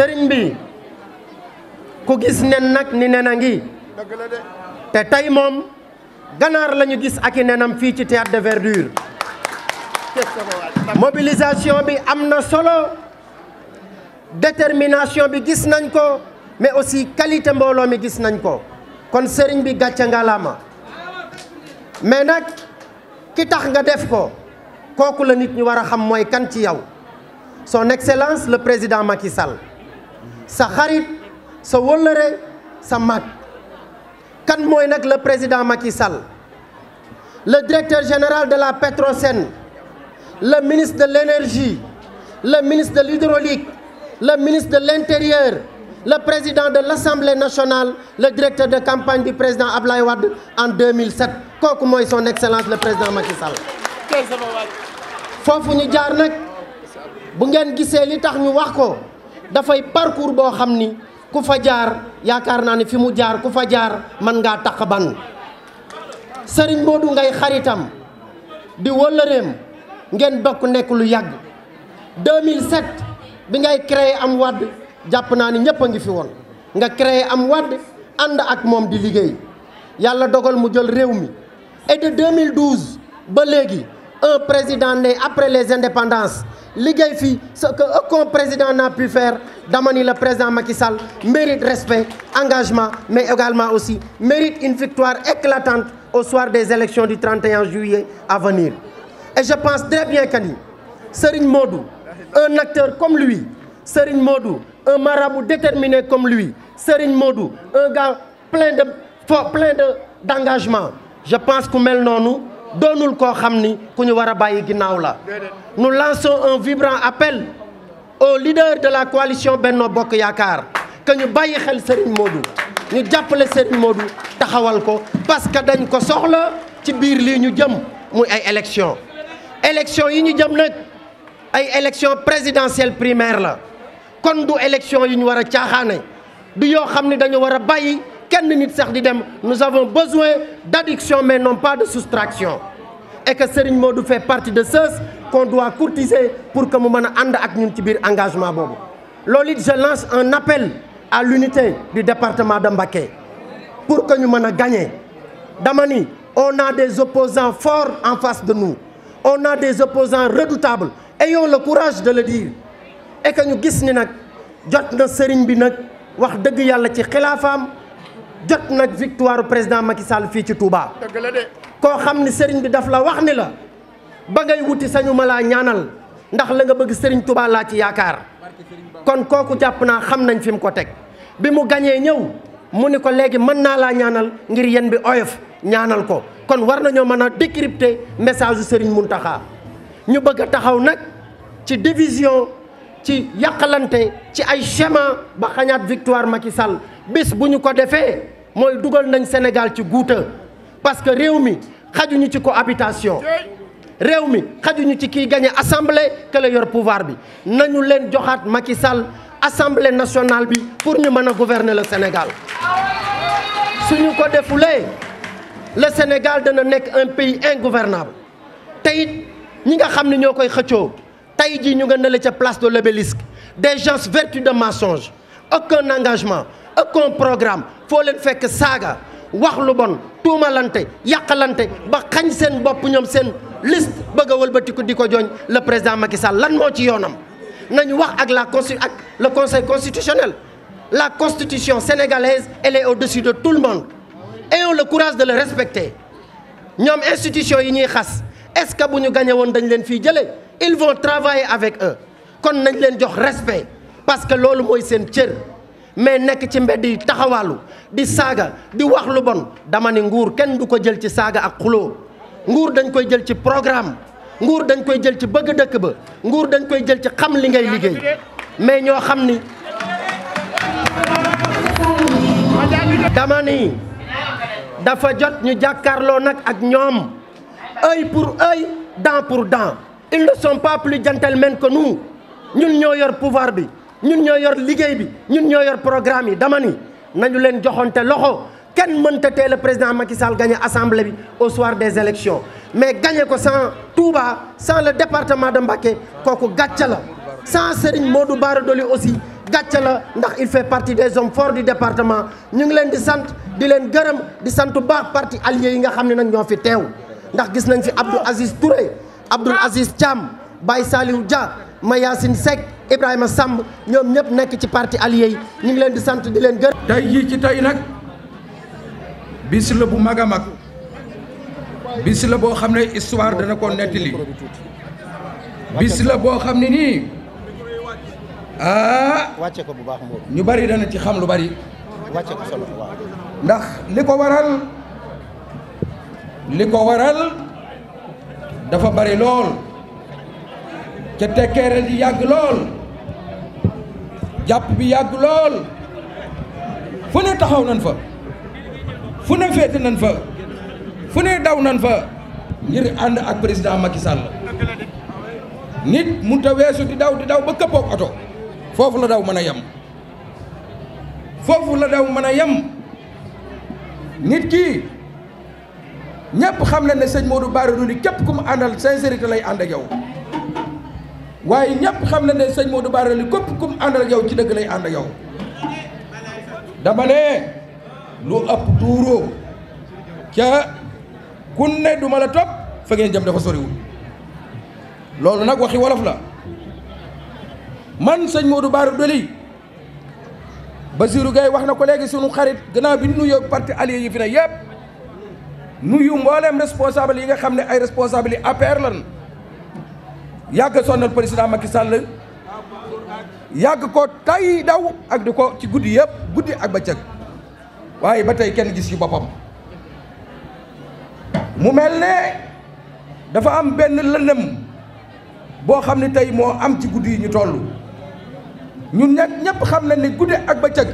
sëriñ bi ku gis nen nag ni nen a ngi te tey moom ganaar la ñu gis ak i nenam fii ci théâtre de verdure mobilisation bi am na solo détermination bi gis nañ ko mais aussi qualité mbooloo mi gis nañ ko kon sëriñ bi gàcce ngalaama mais nag ki tax nga def ko kooku la nit ñi war a xam mooy kan ci yow son excellence le président Macky Sall sa xarit sa wëllëre sa mag kan mooy nag la président Macky Sall le directeur général de la Petrosen le ministre de l'énergie le ministre de l'hydraulique le ministre de l'intérieur le président de l'Assemblée nationale le directeur de campagne bi président Ablaye Wade en 2007 kooku mooy son excellence le président Macky Sall foofu ñu jaar nag bu ngeen gisee li tax ñu wax ko dafay parcours boo xam ni ku fa jaar yaakaar naa ne fi mu jaar ku fa jaar man ngaa taq ban Serigne Modou Ngay xaritam di wëllëreem ngeen bokk nekk lu yàgg 2007 bi ngay créé am wadd jàpp naa ni ñëpp a ngi fi woon nga créé am wadd ànd ak moom di liggéey yàlla dogal mu jël réew mi et de ba léegi un président né après les indépendances liggéey fii ce que aucun président n'a pu faire dama ni la président Macky Sall mérite respect engagement mais également aussi mérite une victoire éclatante au soir des élections du 31 juillet à venir et je pense très bien que ni Serigne Modou un acteur comme lui Serigne Modou un marabout déterminé comme lui Serigne Modou un gars plein de plein je pense ku mel noonu doonul koo xam ni ku ñu war a bàyyi ginnaaw la nous lançons un vibrant appel aux leaders de la coalition Benno Bokk Yaakaar que ñu bàyyi xel Serigne Modou ñu jàppale Serigne moodu taxawal ko parce que dañ ko soxla ci biir lii ñu jëm muy ay élection élection yi ñu jëm nag ay élection présidentielle primaire la kon du élection yi ñu war a caaxaane du yoo xam ni dañu war a bàyyi kenn nit sax di dem nous avons besoin d'addiction mais non pas de soustraction et que Serigne Modou fait partie de ceux qu'on doit courtiser pour que mu mën a ànd ak ñun ci biir engagement boobu loolu it je lance un appel à l'unité du département de Mbacké pour que ñu mën a gañee dama ni on a des opposants forts en face de nous on a des opposants redoutables ayons la courage de le dire et que ñu gis ni nag jot na Serigne bi nag wax dëgg yàlla ci xilaafaam jot nag victoire président Macky Sall fii ci Touba. koo xam ni sëriñ bi daf la wax ni la ba ngay wuti sañu ma laa ñaanal ndax la nga bëgg sëriñ Touba laa ci yaakaar kon kooku jàpp naa xam nañ fi mu ko teg bi mu gañee ñëw mu ni ko léegi mën naa laa ñaanal ngir yen bi oyof ñaanal ko kon war nañoo mën a décrypter message sëriñ Mountakha ñu bëgg a taxaw nag ci division ci yàqalante ci ay chemin ba xañaat victoire Macky Sall bis bu ñu ko defee mooy dugal nañ Sénégal ci guuta parce que réew mi xajuñu ci ko cohabitation réew mi xajuñu ci kiy gagné assemblée que la pouvoir bi nañu leen joxaat Macky Sall assemblée nationale bi pour ñu mën a gouverner le Sénégal suñu ko defulee le Sénégal dana nekk un pays ingouvernable te it ñi nga xam ne ñoo koy xëccoo tey jii ñu nga ne la ca place de l'obélisque des gens vertus de mensonge aucun engagement aucun programme foo leen fekk saaga wax lu bon tuumalante yàqalante ba xañ seen bopp ñoom seen liste bëgg a wëlbatiku di ko jooñ le président Macky Sall lan moo ci yoonam nañu wax ak la consti ak le conseil constitutionnel la constitution sénégalaise elle est au-dessus tout le monde ayons le courage de le respecter ñoom institution yi ñuy xas est-ce que bu ñu gagné woon dañ leen fii jëlee ils vont travailler avec eux kon nañ leen jox respe parce que loolu mooy seen cër mais nekk ci mbedd yi taxawaalu di saaga di wax lu bon dama ni nguur kenn du ko jël ci saaga ak xuloo nguur dañ koy jël ci programme nguur dañ koy jël ci bëgg dëkk ba nguur dañ koy jël ci xam li ngay liggéey mais ñoo xam ni dama ni dafa jot ñu jàkkaarloo nag ak ñoom ay pour œil dent pour dent ils ne sont pas plus gentlemen que nous ñun ñoo yor pouvoir bi ñun ñoo yor liggéey bi ñun ñoo yor programme yi dama ni nañu leen joxonte loxo kenn mënta tee le président Macky Sall gagné assemblée bi au soir des élections mais gagné ko sans Touba sans le département de Mbacké kooku gàcca la sans Serigne du Bara Dolly aussi gàcca la ndax il fait partie des hommes forts du département ñu ngi leen di sant di leen gërëm di sant baax parti allié yi nga xam ne nag ñoo fi teew ndax gis nañ fi Abdou Aziz Touré Abdoul Aziz Thiam Baye Saliou Dia Mayacine Seck Ibrahima sàmb ñoom ñëpp nekk ci parti allié yi ñu ngi leen di sant di leen gër tey jii ci tey nag bis la bu mag a mag bis la boo xam ne histoire dana ko nettali bis la boo xam ne nii ah, wàcce ko bu baax ñu bari dana ci xam lu bari wàcce ko solo waaw ndax li ko waral li ko waral dafa bari lool ca tekkeere di yàgg lool jàpp bi yàgg lool fu ne taxaw nan fa fu ne féete nan fa fu ne daw nan fa ngir ànd ak président Macky Sall nit mun ta weesu di daw di daw ba këppoog oto foofu la daw mën a yem foofu la daw mën a yem nit kii ñëpp xam na ne sëñ Modou Bara Doly képp ku mu àndal sincérité lay ànd ak yow waaye ñëpp xam na ne sëñ Modou Bara Dolly képp kum ànd ak yow ci dëgg lay ànd ak yow dama ne lu ëpp tuuroo ca ku ne du ma la topp fa ngeen jëm dafa soriwul loolu nag waxi wolof la man sëñ Modou Bara Dolly Basirou Gueye wax na ko léegi sunu xarit gannaaw bi nuyoo parti allié yi fi ne yëpp nuyu mboolem responsable yi nga xam ne ay responsable yi APR lan yàgg sonal président Macky Sall yàgg ko tay daw ak di ko ci guddi yëpp guddi ak bëccëg waaye ba tey kenn gis ci boppam mu mel ne dafa am benn lëndëm boo xam ne tey moo am ci guddi yi ñu toll ñun ñett ñëpp xam na ni guddi ak bëccëg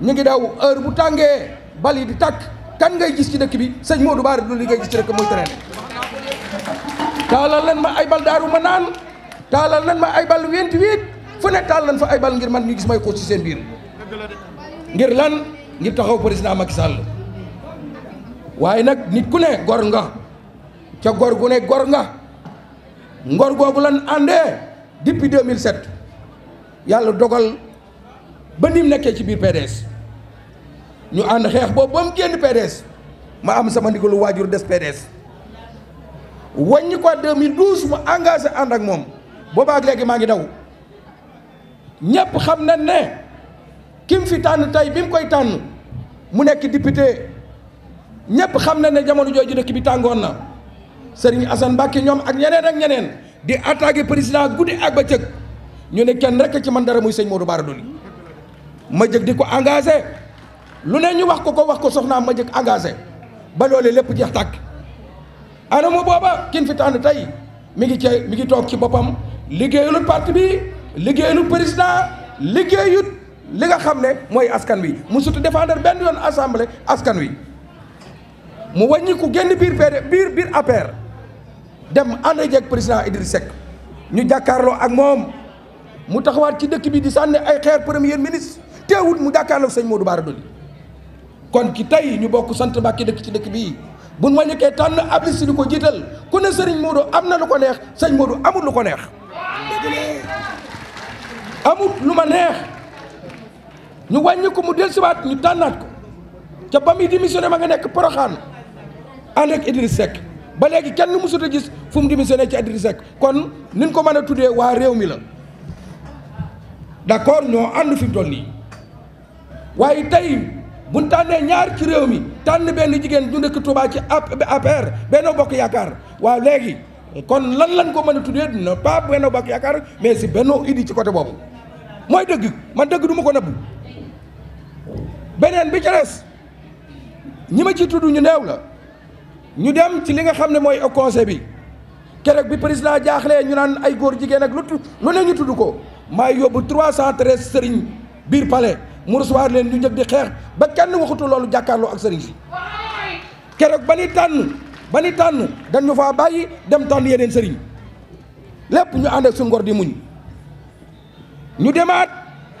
ñu ngi daw heure bu tàngee bal yi di tàkk kan ngay gis ci dëkk bi sëñ moo Bara Dolly ngay gis ci dëkk muy traîner taalal leen ma ay bal daaru ma naan taalal leen ma ay bal wenti wit fu ne taal leen fa ay bal ngir man ñu gis may xuus ci seen biir ngir lan ngir taxaw président Macky Sall waaye nag nit ku ne gor nga ca gor gu ne gor nga ngor googu lan àndee depuis 2007 yàlla dogal ba nim nekkee ci biir PDS ñu ànd xeex boobu ba mu génn PDS ma am sama ndigalu waajur des PDS wàññi ko 2012 mu engagé ànd ak moom boobaak léegi maa ngi daw ñëpp xam na ne kim fi tànn tey bi koy tànn mu nekk député ñëpp xam na ne jamono jooju dëkk bi tàngoon na Serigne Assane Mbacké ñoom ak ñeneen ak ñeneen di attaqué président guddi ak ba bëccëg ñu ne kenn rek ci man dara muy sëñ Modou Bara Dolly ma jëg di ko engagé lu ne ñu wax ko ko wax ko soxnaam ma jëg engagé ba loolee lépp jeex tàkk. anamo booba kin fi tànn tey mi ngi cay mi ngi toog ci boppam liggéeyulut parti bi liggéeyulut président liggéeyut li nga xam ne mooy askan wi mu surtout défendre benn yoon assemblée askan wi mu wàññi ku génn biir PD biir biir APR dem ànd jeeg président Idriss ñu jàkkaarloo ak moom mu taxawaat ci dëkk bi di sànni ay xeer premier ministre teewut mu jàkkaarloo sëñ Modou Bara Dolly kon ki tey ñu bokk sant Mbàkke dëkk ci dëkk bii buñ ma njëkkee tànn ab liste di ko jiital ku ne Serigne Modou am na lu ko neex sëñ Modou amul lu ko neex amul lu ma neex ñu wàññi ko mu dellusiwaat ñu tànnaat ko ca ba muy démissionné ma nga nekk Porokhane ànd ak Idriss Seck ba léegi kenn mësut a gis fu mu démissionné ci Idriss Seck kon niñ ko mën a tuddee waa réew mi la d'accord ñoo ànd fi mu toll nii waaye tey bu ñu tànnee ñaar ci réew mi tànn benn jigéen du dëkk Touba ci APR Benno Bokk Yaakaar waaw léegi kon lan lan ko mën a tuddee non pas Benno Bokk Yaakaar mais si Benno Idi ci côté boobu mooy dëgg man dëgg du ma ko nëbbu beneen bi ca ñi ma ci tudd ñu neew la ñu dem ci li nga xam ne mooy conseil bi keroog bi président jaaxlee ñu naan ay góor jigéen ak lu lu ne ñu tudd ko maay cent 313 sëriñ biir palais. mu recevoir leen ñu jóg di xeex ba kenn waxutu loolu jàkkaarloo ak sëriñ si keroog ba ni tànn ba ni tànn dañu faa bàyyi dem tànn yeneen sëriñ lépp ñu ànd ak suñu ngor di muñ ñu demaat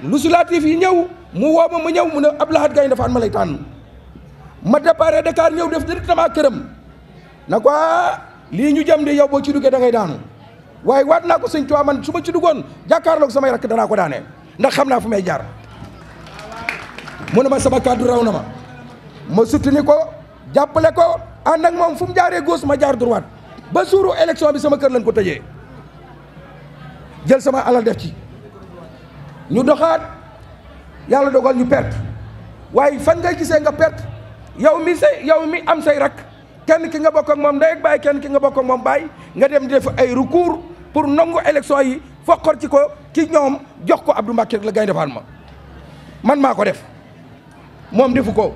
lu sulatif yi ñëw mu woo ma ma ñëw mu ne Abdou Lahad Gaynde Fatma ma lay tànn ma départ Dakar ñëw def directement këram na ko ah, lii ñu jëm de yow boo ci duggee da ngay daanu waaye waat naa ko sëñ Tuubaa man su ma ci duggoon jàkkaarloog samay rakk danaa ko daanee ndax xam naa fu may jaar. mu ne ma sama kàddu raw na ma ma soutenir ko jàppale ko ànd ak moom fu mu jaaree gauche ma jaar droite ba suuru élection bi sama kër lañ ko tëjee jël sama alal def ci ñu doxaat yàlla dogal ñu pert waaye fan ngay gisee nga perte yow mi say yow mi am say rak kenn ki nga bokk ak moom ndey ak baay kenn ki nga bokk ak moom baay nga dem def ay recours pour nangu élection yi foqor ci ko ki ñoom jox ko Abdou Mbacké la Gaynde ma man maa ko def moom defu ko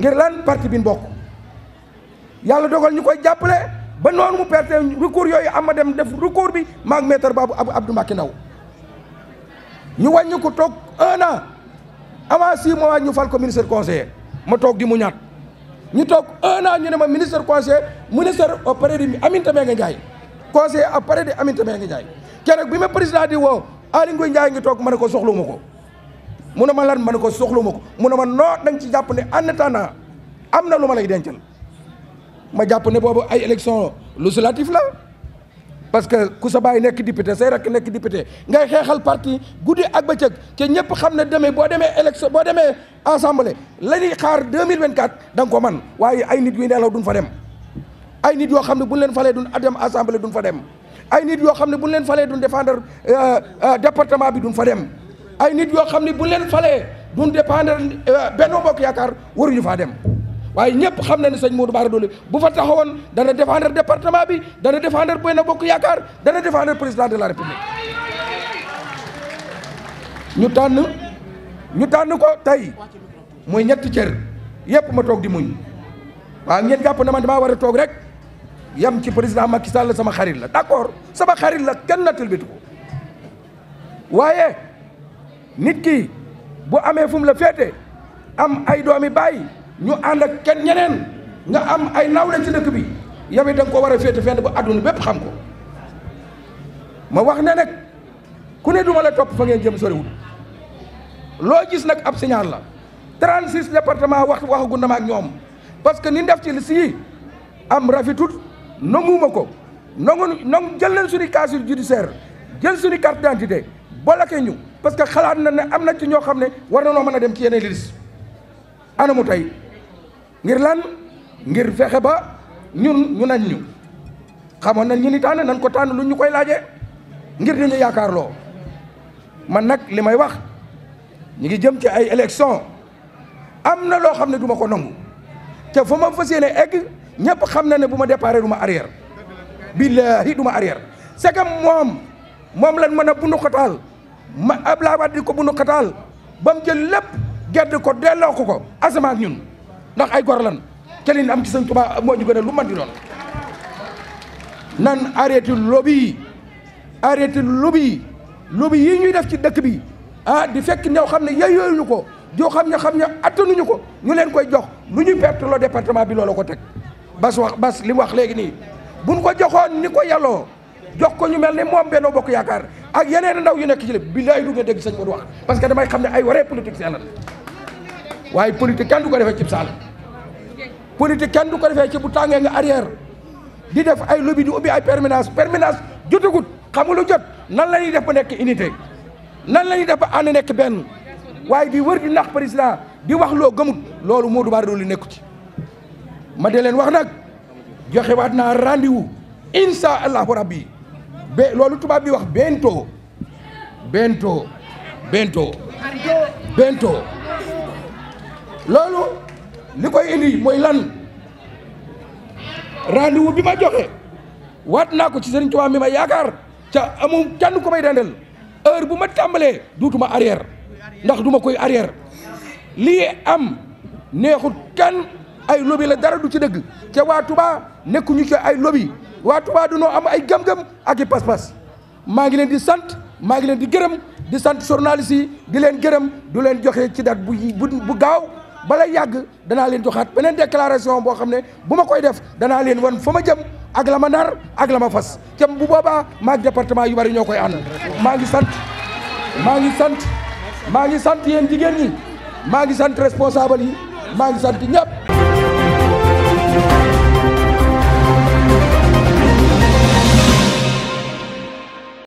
ngir lan parti bi bokk yàlla dogal ñu koy jàppale ba noonu mu perte recours yooyu am ma dem def recours bi maag ab Babou Abdou Mbacké Ndaw ñu wàññi ku toog un an avant six mois ñu fal ko ministre conseiller ma toog di mu ñaat ñu toog un ñu ne ma ministre conseiller ministre auprès de Aminata Mbengue Ndiaye conseiller auprès de Aminata Mbengue Ndiaye keroog bi ma président di woo Aly Ngouille Ndiaye ngi toog ma ne ko soxlu ma ko mu ne man lan ma ne ko soxlu ma ko mu ne ma noo da ci jàpp ne en attendant am na lu ma lay dencal ma jàpp ne boobu ay élection législative la parce que ku sa bàyyi nekk député say rakk nekk député ngay xeexal parti guddi ak bëccëg te ñëpp xam ne demee boo demee élection boo demee assemblée la ñuy xaar 2024 da nga ko man waaye ay nit yu la duñ fa dem ay nit yoo xam ne buñ leen falee duñ dem assemblée duñ fa dem ay nit yoo xam ne buñ leen falee duñ défendre euh, euh, département bi duñ fa dem ay nit yoo xam ne bu leen falee duñ dépendre euh, benn Bokk Yaakaar waruñu faa dem waaye ñëpp xam na ne sëñ Modou Bara Dolly bu fa taxawoon dana défendre département bi dana défendre Benno Bokk Yaakaar dana défendre président de la République ñu tànn ñu tànn ko tey muy ñetti cër yëpp ma toog di muñ waaw ngeen jàpp na man damaa war a toog rek yam ci président Macky Sall sama xarit la d'accord sama xarit la kenn nattal bitu ko waaye nit ki bu amee fu mu la féete am ay doomi bàyyi ñu ànd kenn ñeneen nga am ay nawle ci dëkk bi yow it da ko war a féete fenn ba adduna bépp xam ko ma wax ne nag ku ne duma la topp fa ngeen jëm soriwul loo gis nag ab signal la 36 département wax waxagu ndam ak ñoom parce que ni def ci liste yi am rafetut nanguma ko nangu nangu jël leen suni casier judiciaire jël suñu carte d'identité bloqué ñu parce que xalaat na ne am na ci ñoo xam ne war na noo mën a dem ci yeneen liste anamu tey ngir lan ngir fexe ba ñun ñu nañ ñu xamoon nañ ñu ni tànn nañ ko tànn lu ñu koy laajee ngir dañu yaakaar loo man nag li may wax ñu ngi jëm ci ay élection am na loo xam ne du ma ko nangu te fu ma fas yéene egg ñëpp xam na ne bu ma déparé du ma arrière billaahi du ma arrière c'est que moom moom lañ mën a bundu xotaal ma Abdoulaye Wade di ko bunu ba mu jël lépp gedd ko delloo ko ko asamaa ñun ndax ay gor lan te am ci Sëñ Tuubaa moo ñu gën lu mën di doon nan arrêté lobby yi arrêté lobby yi lobby yi ñuy def ci dëkk bi ah di fekk ñoo xam ne yeyooyu ko joo xam ne xam nu ñu ko ñu leen koy jox lu ñu perte loo département bi loolu ko teg bas wax bas li mu wax léegi nii buñ ko joxoon ni ko yàlloo jox ko ñu mel ne moom Benno Bokk Yaakaar ak yeneen ndaw yu nekk ci lépp billaay du nga dégg sëñ Modou wax parce que damay xam ne ay waree politique seen waaye politique kenn du ko defee cib saal politique kenn du ko defee ci bu tàngee nga arrière di def ay lobby di ubbi ay permanence permanence jotagut xam lu jot nan la ñuy def ba nekk unité nan la ñuy def ba ànd nekk benn waaye di wër di nax président di wax loo gëmut loolu Modou Bara Dolly nekku ci ma de leen wax nag joxe waat naa rendez-vous incha rab rabbi be loolu tubaab bi wax benn bento bento bento bento loolu li koy indi mooy lan rendez bi ma joxe waat naa ko ci Serigne Touba mi ma yaakaar ca amul kenn ku may dendal heure bu ma tàmbalee duutuma arrière ndax duma koy arrière lii am neexut kenn ay lobby la dara du ci dëgg ca waa Touba nekkuñu ci ay lobby waa du noo am ay gëm-gëm ak i pas-pas maa ngi leen di sant maa ngi leen di gërëm di sant journaliste si di leen gërëm du leen joxe ci date bu bu gaaw bala yàgg danaa leen joxaat beneen déclaration boo xam ne bu ma koy def danaa leen wan foo ma jëm ak la ma nar ak la ma fas cam bu boobaa maag département yu bari ñoo koy ànd maa ngi sant maa ngi sant maa ngi sant yéen jigéen ñi maa ngi sant responsable yi maa ngi sant ñëpp